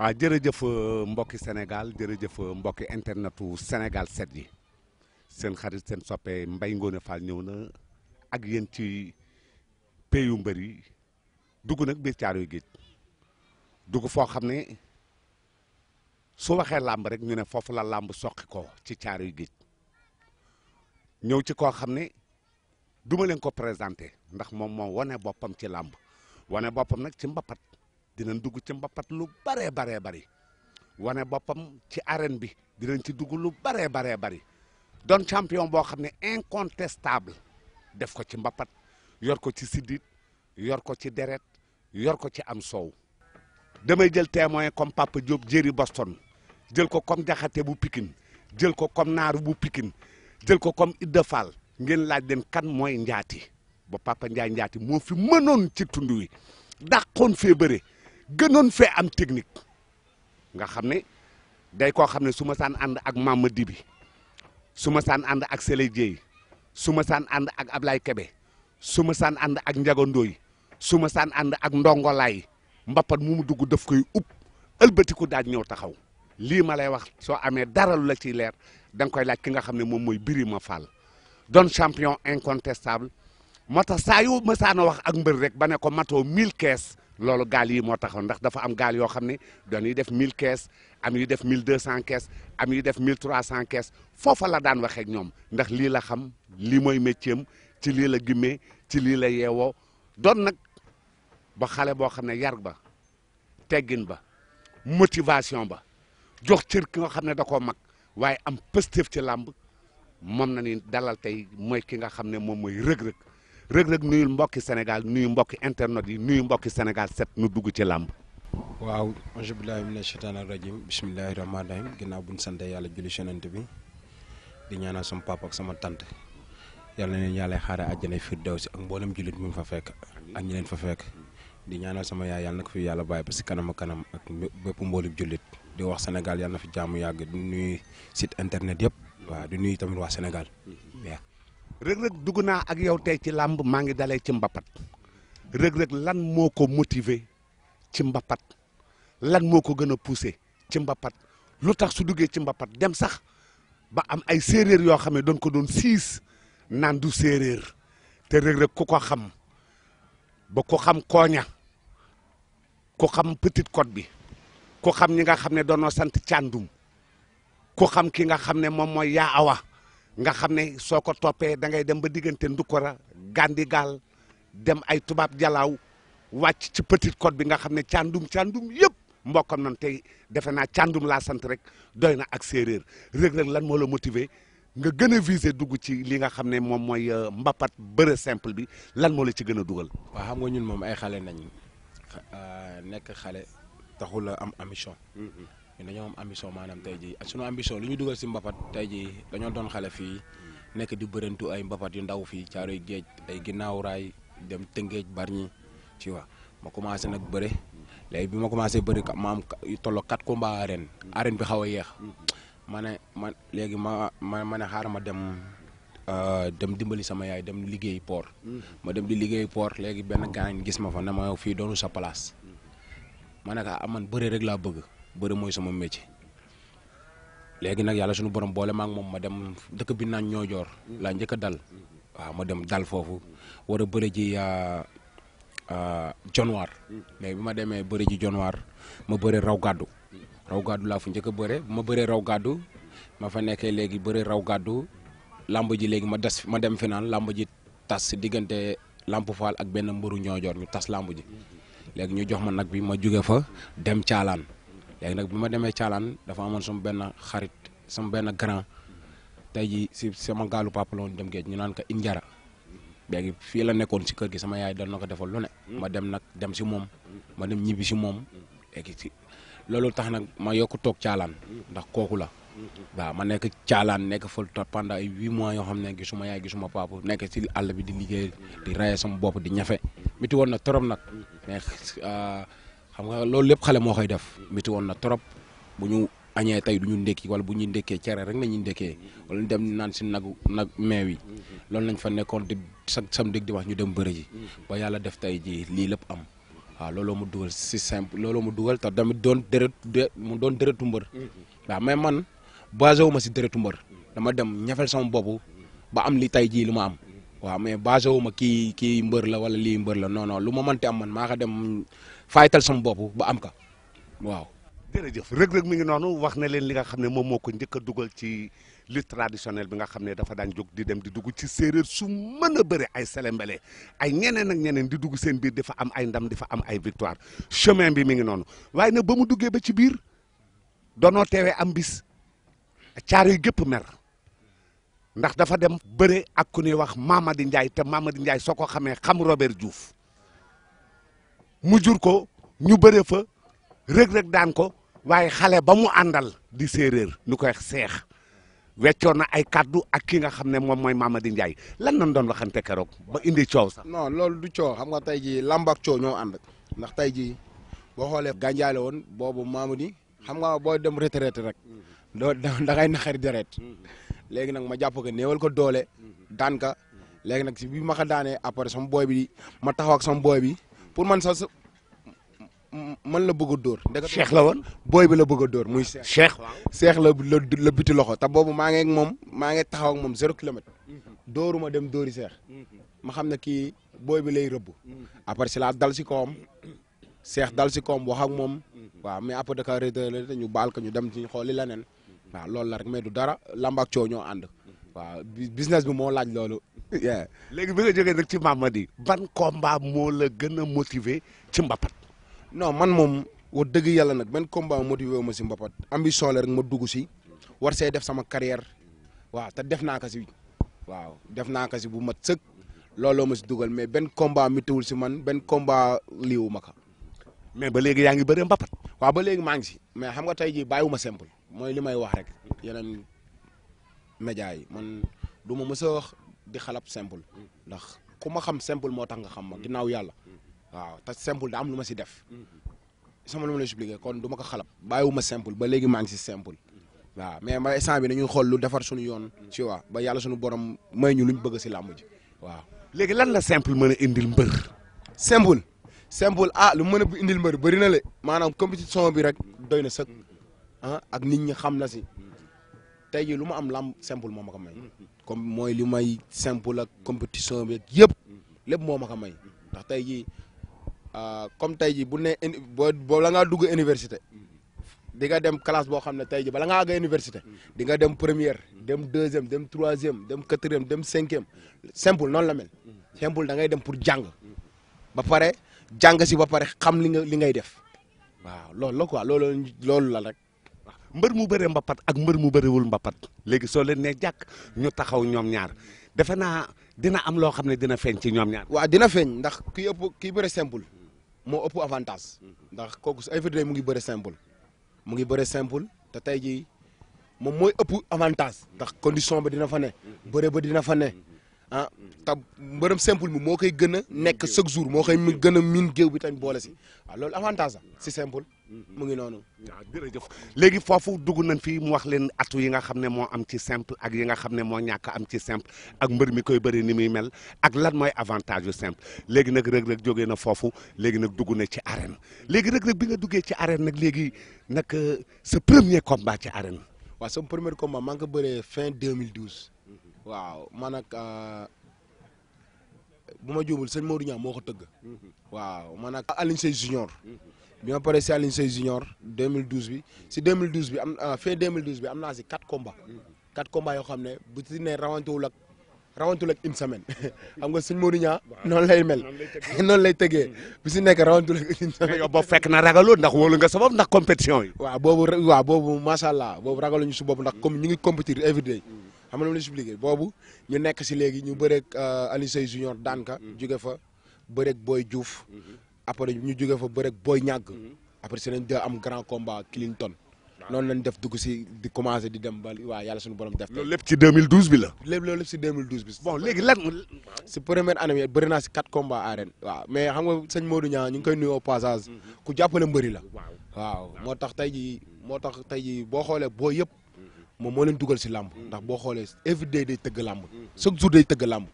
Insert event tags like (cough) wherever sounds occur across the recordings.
waaw ah, jërëjëf euh, mbokki Sénégal jërëjëf euh, mbokki wu Sénégal set yi seen xarit seen soppe Mbaye Ngoné Fall ñëw na ak yéen ci peyu mbër yi dugg nag bi biir Caaroy Géej dugg foo xam ne su waxee làmb rek ñu ne foofu la làmb soqi ko ci Caaroy Géej ñëw ci koo xam ne duma ko présenté ndax moom moo wane boppam ci làmb wane boppam nag ci mbapat dinañ dugg ci mbappat lu baree baree bari wane boppam ci arène bi dinañ ci dugg lu baree baree bari doon champion boo xam ne incontestable def ko ci mbappat yor ko ci siddit yor ko ci deret yor ko ci am sow damay jël témoin comme Papa Diop jéeri Boston jël ko comme jaxate bu pikin jël ko comme naaru bu pikin jël ko comme Idda Fall ngeen laaj leen kan mooy njaati ba Papa Ndiaye njaati moo fi mënoon ci tund wi dàqoon fee bëre gënoon fee am technique nga xam ne day koo xam ne su ma saan ànd ak Mamadi bi su ma saan ànd ak Sele su ma saan ànd ak Ablaye Kebe su ma saan ànd ak Njagandooy su ma saan ànd ak Ndongolaay mbappat mu mu dugg daf koy ub ëlbatiku daaj ñëw taxaw lii ma lay wax soo amee daralu lu la ciy leer da nga koy laaj ki nga xam ne moom mooy Birima Fall don champion incontestable moo tax saa yu ma saan a wax ak mbër rek ba ne ko matoo mille caisse loolu gaal yi moo taxaw ndax dafa am gaal yoo xam ne dañuy def 1000 kees am yu def 1200 kees am yu def 1300 kees foofa la daan waxee ñoom ndax lii la xam lii mooy métier ci lii la gimmee ci lii la yeewoo doon nag ba xale boo xam ne yar ba teggin ba motivation ba jox cër ki xam ne da koo mag waaye am pëstéef ci làmb moom na ni dalal tey mooy ki nga xam ne moom mooy rëg-rëg rëg-rëg nuyul mbokki Sénégal nuyu mbokki internet yi nuyu mbokki Sénégal set nu dugg ci làmb waaw aju billahi mina sheytaani rajim bismillahi rahmaani rahim ginnaaw buñ sante yàlla julli sonante bi di ñaanal sama papa ak sama tànt yàlla na leen yàlla xaare àjjana si ak mboolem jullit mu fa fekk ak ñi leen fa fekk di ñaanal sama yaay yàlla na ko fi yàlla bàyyi ba si kanam a kanam ak bépp mboolem jullit di wax senegal yàlla na fi jàmm yàgg di nuyu site internet yëpp waaw di nuyu tamit waa Sénégal mm-hmm. rëg-rëg dugg naa ak yow tey ci làmb maa ngi dalee ci mbapat reg rëg lan moo ko motive ci lan moo ko gën a poussé ci mbapat lu tax su duggee ci mbapat dem sax ba am ay séeréer yoo xam ne doon ko doon siis naan du séeréer te rëg-rëg ku ko xam ba ku xam kooña ku xam Petite Côte bi ku xam ñi nga xam ne doonoo sant càndum ku xam ki nga xam ne moom mooy yaa awa nga xam ne soo ko toppee da ngay dem ba diggante Ndukora gaal dem ay tubaab jalaaw wàcc ci Petite Côte bi nga xam ne càndum càndum yëpp mbokkam nan tey defe naa càndum laa sant rek doy na ak séeréer Reug Reug lan moo la motiver nga gën a viser dugg ci li nga xam ne moom mooy euh, mbapat bëre simple bi lan moo la ci gën a dugal. waaw xam nga ñun moom ay xale nañ euh, nekk xale taxul am ambition. Mm-hmm. ñun dañoo am ambition maanaam tey jii ak sunu ambition lu ñu dugal si mbapat tey jii dañoo doon xale fii nekk di bërantu ay mbapat yu ndaw fii caaroy géej ay ginnaaw raay dem tëngéej bari ñi ci wa ma commencé nag bëre léegi bi ma commencé bëri ma am tolloo quatre mbaa arène arène bi xaw a yeex ma ne ma léegi ma ma ma ne xaaral ma dem euh, dem dimbali sama yaay dem liggéey poor mm. ma dem di liggéey poor léegi benn gaañ gis ma fa ne ma fii doonu sa place ma ne ko aman ah, bëre rek laa bëgg bëri mooy sama métier léegi nag yàlla suñu borom boole ma moom ma dem dëkk bi naan ñoo joor laa njëkk a dal waaw ma dem dal foofu war a bëri ji euh, euh, Jonwaar mais bi ma demee bëri ji Jonwaar ma bëri raw gàddu raw gàddu laa fu njëkk a bëre ma bëree raw gàddu ma fa nekkee léegi bëri raw gàddu làmb ji léegi ma des ma dem final làmb ji tas si diggante Lamp Fall ak benn mbëru ñoojoor joor ñu tas làmb ji léegi ñu jox ma nag bi ma jóge fa dem caalaan léegi nag bi ma demee caalaan dafa amoon sama benn xarit sama benn grand tey ji si sama gaalu papa la woon dem géej ñu naan ko Injara léegi fii la nekkoon si kër gi sama yaay dal na ko defal lu ne ma dem nag dem si moom ma dem ñibbi si moom léegi si loolu tax nag ma yokk toog caalaan ndax kooku la waaw ma nekk caalaan nekk fa pendant ay huit mois yoo xam ne gisuma yaay gisuma papa nekk si àll bi di liggéey di raye sama bopp di ñafe miti woon trop nag mais euh, xam nga loolu lépp xale moo koy def métti woon na trop bu ñu añee tey du ñu ndekki wala bu ñuy ndékkee cere rek na ñuy ndékkee wala ñu dem naan si nagu nag meew yi loolu lañ fa nekkoon di sa sam dégg di wax ñu dem bëre ji ba yàlla def tey jii lii lépp am waaw looloo mu dugal si simple looloo mu dugal te tamit doon dërët mu doon dërëtu mbër waaw mais man basé wu ma si dërëtu mbër dama dem ñafel sama bobu ba am lii tey jii lu ma am waaw mais basé wu kii kii mbër la wala lii mbër la non non lu ma mënti am man maa ko dem faytal sama boobu ba am ka waaw. jërëjëf Reug Reug mi ngi noonu wax na leen li nga xam ne moom moo ko njëkk a dugal ci lutte traditionnelle bi nga xam ne dafa daan jóg di dem di dugg ci séeréer su mën a bëre ay selembele ay ñeneen ak ñeneen di dugg seen biir dafa am ay ndam dafa am ay victoire chemin bi mi ngi noonu waaye nag ba mu duggee ba ci biir doonoo teewee am bis caar yu gépp mer ndax dafa dem bëre ak ku ñuy wax Mamadi Ndiaye te Mamadi njaay soo ko xamee xam Robert Diouf mu jur ko ñu bëre fa rëg-rëg daan ko waaye xale ba mu àndal di séeréer ñu koy seex weccoon na ay kàddu ak kii nga xam ne moom mooy Mamadi Ndiaye lan lañ doon waxante keroog ba indi coow sax. non loolu du coow xam nga tey jii làmb coow ñoo ànd ndax tey jii boo xoolee gànjaay la woon boobu Mamadi xam nga boo dem retraite rek doo da ngay naxari deret léegi nag ma jàpp ko néewal ko doole daan ka léegi nag si bi ma ko daanee après sama booy bi ma taxaw ak sama bi. pour man sa man la bëgg a dóor. cheikh la woon booy bi la bëgg a dóor muy. cheikh cheikh la la la biti loxo te boobu maa ngi ak moom maa ngi taxaw ak moom zéro kilomètre. Mhm. dóoruma dem dóori seex mhm. ma xam ne kii booy bi lay rëbb mhm. après si laa dal si kawam seex dal si kawam wax ak moom waaw mais après daka rétale te ñu baal ko ñu dem ci xooli leneen waaw loolu la rek mais du dara lamb ak coow ñoo ànd business bi moo laaj loolu (laughs) yeah léegi bi nga jógee nag ci Mamadi ban combat moo la gën a motiver ci mbapat non man moom wax dëgg yàlla nag benn combat motivé wu ma si mbapat ambition la rek ma dugg si war see def sama carrière waaw te def naa ka si waaw def naa ko si bu mat sëkk looloo ma si dugal mais benn combat météwul si man benn combat liiwu ma ka mais ba léegi yaa ngi bëre mbappat waaw ba léegi maa ngi si mais xam nga tey jii bàyyiwuma simple mooy li may wax rek yeneen média yi di xalab simple ndax ku ma xam simple moo tax nga xam ma naaw yàlla waaw te simple da am lu ma si def sama lu ma la expliqué kon du ma ko xalab bàyyiwuma simple ba léegi maa ngi si simple mais ma instant bi nañuy xool lu defar suñu yoon ci waa ba yàlla suñu borom may ñu lu ñu bëgg si làmb ji waaw léegi lan la simple mën a indil mbër simple simple ah lu mën bu indil mbër bëri na le maanaam compétition bi rek doy na sëkk ah ak nit ñi xam na si tey jii lu mu am làmb simple moo ma ka may. comme mooy lu may simple ak compétition bi yëpp lépp moo ma ko may ndax tey jii ah, comme tey jii bu ne boo boo la ngaa dugg université di nga dem classe boo xam ne tey jii bala nga àgg université di nga dem première dem deuxième dem troisième dem quatrième dem cinquième simple noonu la mel simple da dem pour jàng ba pare jàng si ba pare xam li nga li ngay def waaw loolu la quoi loolu la rek. mbër mu bëree mbappat ak mbër mu bëriwul mbappat léegi soo leen nee jàkk ñu taxaw ñoom ñaar defe naa dina am loo xam ne dina feeñ ci ñoom ñaar. waa dina feeñ ndax ki ëpp kii bëre simple moo ëpp avantage ndax kooku su ay vidéo ngi bëre simple mu ngi bëre simple te tey jii moom mooy ëpp avantage ndax condition ba dina fa ne bëre ba dina fa ne ah te mbërëm simple bi moo koy gën a nekk chaque jour moo koy gën a miin géew bi tañ boole si waaw loolu avantage si simple. Mm-hmm. mu ngi noonu. waaw jërëjëf léegi foofu dugg nañ fi mu wax leen atu yi nga xam ne moo am ci simple ak yi nga xam ne moo ñàkk am ci simple ak mbër mi koy bëri ni muy mel ak lan mooy avantage yu simple léegi nag Reug Reug jógee na foofu léegi nag dugg na ci arène léegi Reug Reug bi nga duggee ci arène nag léegi nag euh, sa premier combat ci arène. waaw sama premier combat maa ngi ko bare fin 2012. waaw man ak euh, bu ma juumul sëñ Modou moo ko tëgg. Mm-hmm. waaw man ak Alioune Junior. Mm-hmm. bi ma paree si Alioune Seye junior 2012 bi si bi am ah, fin 2012 bi am naa si quatre combats quatre combats yoo xam ne bu si ne rawantewul ak rawantul ak une semaine (laughs) xam nga suñ Mourinho noonu lay mel noonu lay tëggee (laughs) bu si nekk rawantul ak une semaine. fekk na ragaloo ndax wóolu nga sa bopp ndax compétition yi. waaw boobu waaw boobu macha ñu si bopp ndax comme ñu ngi compétir every day xam nga lu ma expliqué boobu ñu nekk si léegi ñu bëreeg euh, Alioune Seye junior daan ka mm-hmm. jóge fa bëreeg Boy Diouf. Mm-hmm. après ñu jógee fa bëre booy ñàgg. Mhm. après si nañ de am grand combat Clinton. Ah. noonu lañ def dugg si di commencé di dem ba waaw yàlla suñu borom def. loolu lépp ci 2012 bi la. lépp loolu lépp si 2012 bi. bon léegi lan. si première naa si quatre combats arène. waaw mais xam nga sëñ Modou Niang ñu ngi koy nuyu au passage. Mhm. ku jàppale mbëri la. moo tax tey jii moo tax tey jii boo xoolee boo yëpp. Mhm. moom moo leen dugal si làmb. ndax boo xoolee every day day tëgg lamb chaque jour day tëgg lamb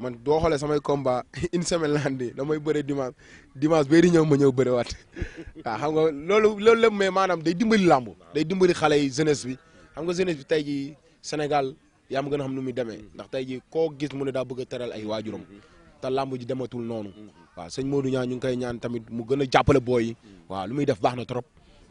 man doo xoolee samay combat (laughs) une semaine la andi damay bëre dimanche dimanche bee di ñëw ma ñëw bëre waat (laughs) waaw xam nga loolu loolu lépp mais maanaam day dimbali làmb day dimbali xale yi jeunesse bi xam nga jeunesse bi tey jii Sénégal yaa ma gën a xam nu muy demee mm-hmm. ndax tey jii koo gis mu ne daa bëgg a teral ay waajuram mm-hmm. te làmb ji dematul noonu mm-hmm. waa sëñ Modou ñaa ñu ngi koy ñaan tamit mu gën a jàppale booy yi waaw lu muy def baax na trop.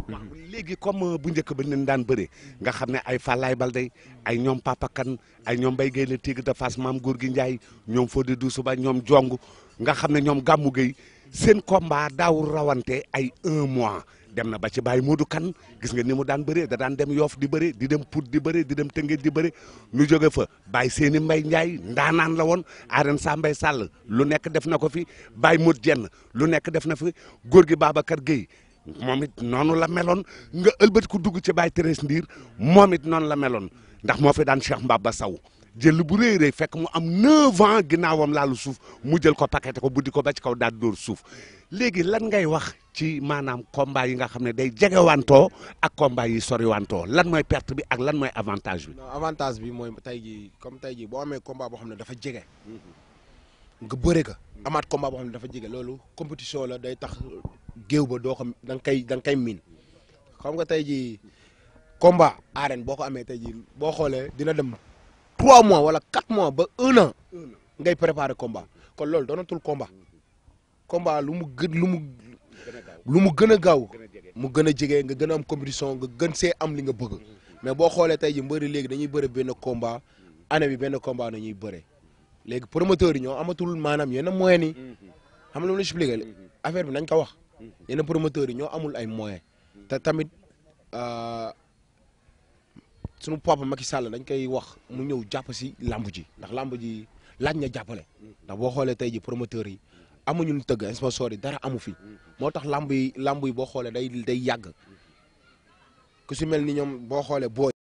waaw léegi comme euh, bu njëkk ba ñu daan bëree nga xam ne ay Fallaye Balde ay ñoom Papa Kane ay ñoom Mbaye Guèye la Tigre de Fass maam góor gi Ndiaye ñoom Fodé Doussouba ñoom jongu nga xam ne ñoom Gamou Guèye seen combat daawul rawante ay un mois dem na ba ci Baye Modou Kane gis nga ni mu daan bëree da daan dem Yoff di bëree di dem Pout di bëre di dem Tëngéej di bëree ñu jóge fa Baye Séni mbay Ndiaye ndaanaan la woon Arène Sa Mbaye Sall lu nekk def na ko fi Baye Modou Dieng lu nekk def na fi góor gi Babacar Guèye moom it noonu la meloon nga ëlbati ku dugg ci Baye Thérèse Ndiir moom it noonu la meloon ndax moo fi daan Cheikh ba saw jël bu rëy fekk mu am 9 ans ginnaawam laalu suuf mu jël ko paqueté ko di ko ba ci kaw daal dóor suuf léegi lan ngay wax ci maanaam combat yi nga xam ne day jegewantoo ak combat yi soriwantoo lan mooy perte bi ak lan mooy avantage bi. non avantage bi mooy tey jii comme tey jii boo amee combat boo xam ne dafa jege. Mhm. nga bëre ka amaat combat boo xam ne dafa jege loolu compétition la day tax. géew ba doo xam da nga koy da nga koy miin xam nga tey jii combat arène boo ko amee tey jii boo xoolee dina dem trois mois wala quatre mois ba un ngay préparer combat kon loolu doonatul combat combat lu mu gën lu mu lu mu gën a gaaw mu gën a jege nga gën a am compétition nga gën se am li nga bëgg mais boo xoolee tey jii mbëri léegi dañuy bëre benn combat année bi benn combat nañuy bëre léegi promoteurs yi ñoo amatul maanaam yenn moyens yi xam nga lu ma expliqué affaire bi nañ ko wax. yenn promoteurs yi ñoo amul ay moyens. te tamit euh, sunu papa Macky Sall dañ koy wax mu ñëw jàpp si làmb ji ndax làmb ji laaj na jàppale. ndax boo xoolee tey ji promoteurs yi amuñu lu tëgg sponsor yi dara amu fi. moo tax làmb yi làmb yi boo xoolee day day yàgg ku si mel ni ñoom boo xoolee boo